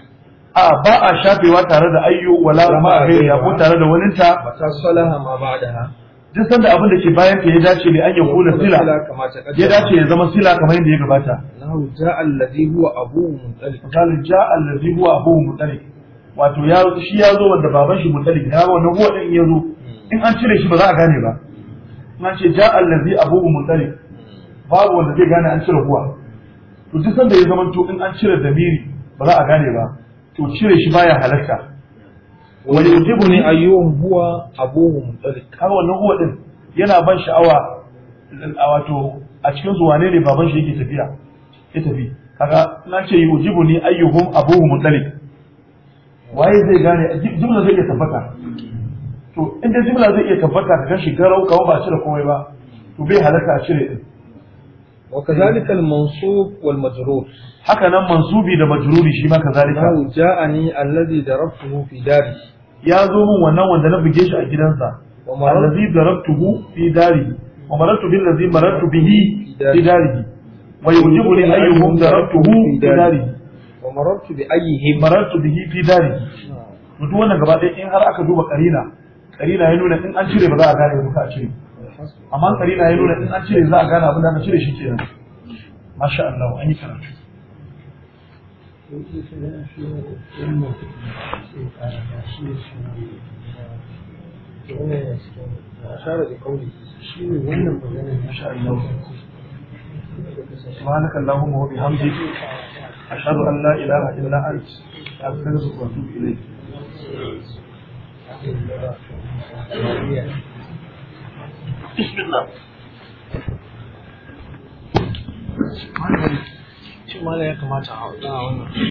a ba a shafewa tare da ayyu wala ma ya ko tare da ta waninta mata salaha
ma ha.
duk sanda abin da ke bayan ta ya dace ne an ya kula sila ya dace ya zama sila kamar yadda ya gabata nahu ja'a allazi huwa abu mutalik qala ja'a allazi huwa abu mutalik wato ya shi ya zo wanda baban shi mutalik ya ga wannan huwa din ya zo hmm. in an cire shi ba za a gane ba na ce ja'a allazi abu mutalik babu wanda zai gane an cire huwa to duk sanda ya zama to in an cire damiri ba za a gane ba to cire shi baya halarta. wani yujibu ne ayyuhum huwa abuhum mutalik har wannan huwa din yana ban sha'awa wato a cikin zuwa ne ne baban shi yake tafiya ya tafi kaga na ce yujibu ne ayyuhum abuhum mutalik waye zai gane jimla zai iya tabbata to inda jimla zai iya tabbata ka gan shi garau kawai ba cire komai ba to bai halarta a cire din وكذلك المنصوب والمجرور mansubi da majruri shi ma kazalika ya zo min wannan wanda na buge shi a gidansa alladhi darabtuhu fi dari wa marartu bil ladhi marartu bihi fi dari wa yujibu li ayyuhum fi dari wa marartu bi bihi fi duk wannan gaba ɗaya in har aka duba karina karina ya nuna in an cire ba za a gane ba ka cire amma karina ya nuna in an cire za a gane abin da aka cire shi kenan masha Allah an yi karatu سبحانك اللهم وبحمدك أشهد أن لا إله إلا أنت أستغفرك وأتوب إليك
是的。我去买了一根马扎，